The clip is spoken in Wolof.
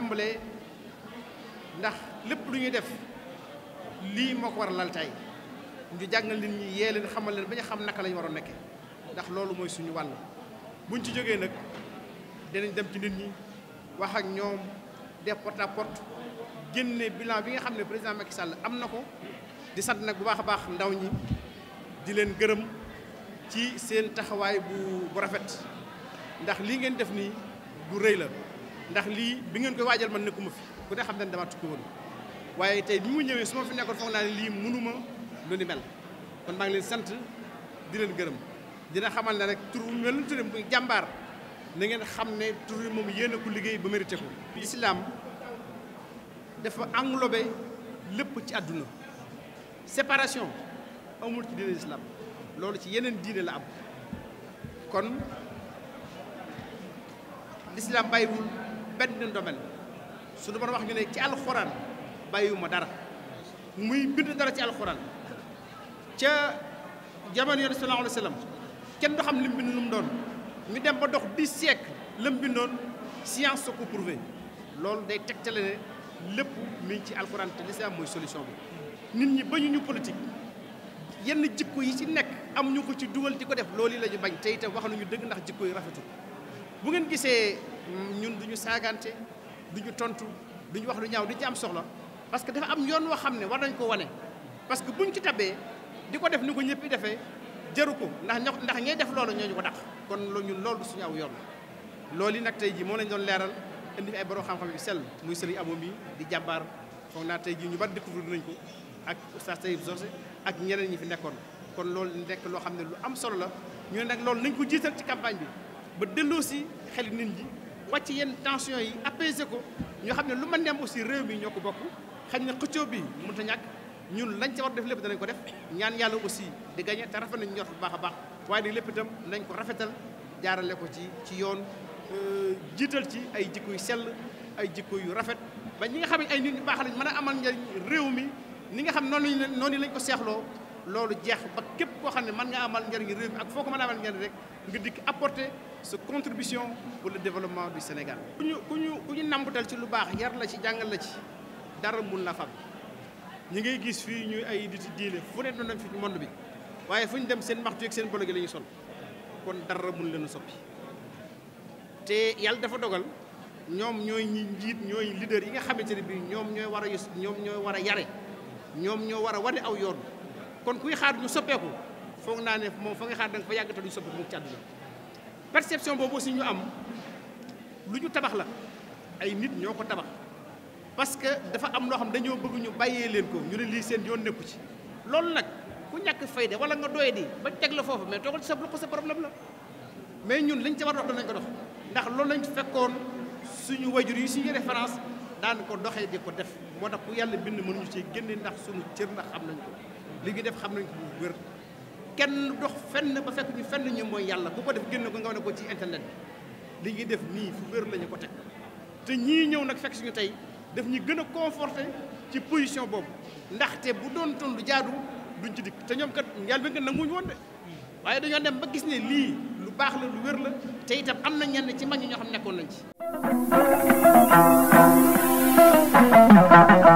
tàmbalee ndax lépp lu ñuy def lii moo ko war a lal tey ñu jàngal nit ñi yee leen xamal leen ba ñu xam naka lañu war a nekke ndax loolu mooy suñu wàll buñ ci jógee nag dinañ dem ci nit ñi wax ak ñoom def porte à porte génne bilan bi nga xam ne président Macky Sall am na ko di sant nag bu baax a baax ndaw ñi di leen gërëm ci seen taxawaay bu rafet ndax lii ngeen def nii du rëy la ndax lii bi ngeen koy waajal man nekkuma fi ku ne xam ne dama tukki woon waaye tey bi mu ñëwee su ma fi nekkoon foog naa ne lii mënuma lu ni mel kon maa ngi leen sant di leen gërëm dina xamal ne rek tur mel lu tudd muy jàmbaar na ngeen xam ne tur yi moom yéen a ko liggéey ba mérité ko. islam dafa englobé lépp ci àdduna séparation amul ci diine islam loolu ci yeneen diine la am kon l'islam bàyyiwul. benn domaine su doon wax ñu ne ci alxuraan bàyyiwuma dara muy bind dara ci alxuraan ca jamono yoon sallallahu alayhi kenn du xam lim bind lu mu doon ñu dem ba dox dix siècle lim bindoon science soo ko prouvé loolu day tegtale ne lépp mi ngi ci alxuraan te am mooy solution bi nit ñi bañu ñu yenn jikko yi ci nekk am ñu ko ci dugal di ko def loolu la ñu bañ te wax nañu dëgg ndax jikko yi rafetul bu ngeen gisee. ñun du ñu saagante du ñu tontu du ñu wax lu ñaaw di ci am soxla parce que dafa am yoon woo xam ne war nañ ko wane parce que buñ ci tabee di ko def ni ko ñëpp defee jëru ko ndax ñoo ndax ñey def loolu ñoo ñu ko daq kon loolu ñun loolu du suñu aw yoon loolu nag tey jii moo lañ doon leeral indi ay borom xam yu sell muy sëriñ amo bi di jàmbaar foog naa tey jii ñu bari découvrir nañ ko ak oustaz Taïb Socé ak ñeneen ñi fi nekkoon kon loolu nekk loo xam ne lu am solo la ñu ne nag loolu nañ ko jiital ci campagne bi ba delloo si xel nit ñi wàcc yenn tension yi apaiser ko ñoo xam ne lu man dem aussi réew mi ñoo ko bokk xañ na xëccoo bi mënut a ñàkk ñun lañ ca war def lépp danañ ko def ñaan yàlla aussi di gagné te rafet nañ ñor bu baax a baax waaye lépp itam nañ ko rafetal jaarale ko ci ci yoon euh, jiital ci ay jikko yu sell ay jikko yu rafet ba ñi nga xam ne ay nit ñu baax lañ mën a amal njariñ réew mi ni nga xam noonu lañ noonu lañ ko seexloo loolu jeex ba képp koo xam ne mën nga amal njëriñ réew mi ak foo ko mën a amal njëriñ rek nga dikk apporter sa contribution pour le développement bi Sénégal. ku ñu ku ñu ku ñu nambutal ci lu baax yar la ci jàngal la ci dara mun la fab ñi ngay gis fii ñuy ay nit diine fu ne doon nañ fi monde bi waaye fu ñu dem seen maxtu ak seen bolo gi la sol kon dara mun leen soppi te yàlla dafa dogal ñoom ñooy ñi njiit ñooy leader yi nga xamante ne bii ñoom ñooy war a yus ñoom ñooy war a yare ñoom ñoo war a wane aw yoon. kon kuy xaar ñu soppeeku foog naa ne moom fa nga xaar da nga fa yàgg te duñ soppeeku mu càddu perception boobu aussi ñu am lu ñu tabax la ay nit ñoo ko tabax parce que dafa am loo xam dañoo bëgg ñu bàyyee leen ko ñu ne lii seen yoon nekku ci loolu nag ku ñàkk fayda wala nga doy di ba teg la foofu mais toogal ci sa bopp sa problème la mais ñun liñ ca war a dox ko dox ndax loolu lañ fekkoon suñu wajur yi suñu référence daan ko doxee di ko def moo tax ku yàlla bind mënuñu ci génne ndax suñu cër ndax am nañ ko li ngi def xam nañ ko bu wér kenn dox fenn ba fekk ñu fenn ñu mooy yàlla bu ko def génn ko nga ne ko ci internet bi li ngi def nii fu wér la ko teg te ñii ñëw nag fekk suñu tey daf ñu gën a conforté ci position boobu ndaxte bu doon ton lu jaadu duñ ci dikk te ñoom kat yàlla bi nga nanguñu woon de waaye dañoo dem ba gis ne lii lu baax la lu wér la te itam am na ñenn ci mag ñi ñoo xam nekkoon nañ ci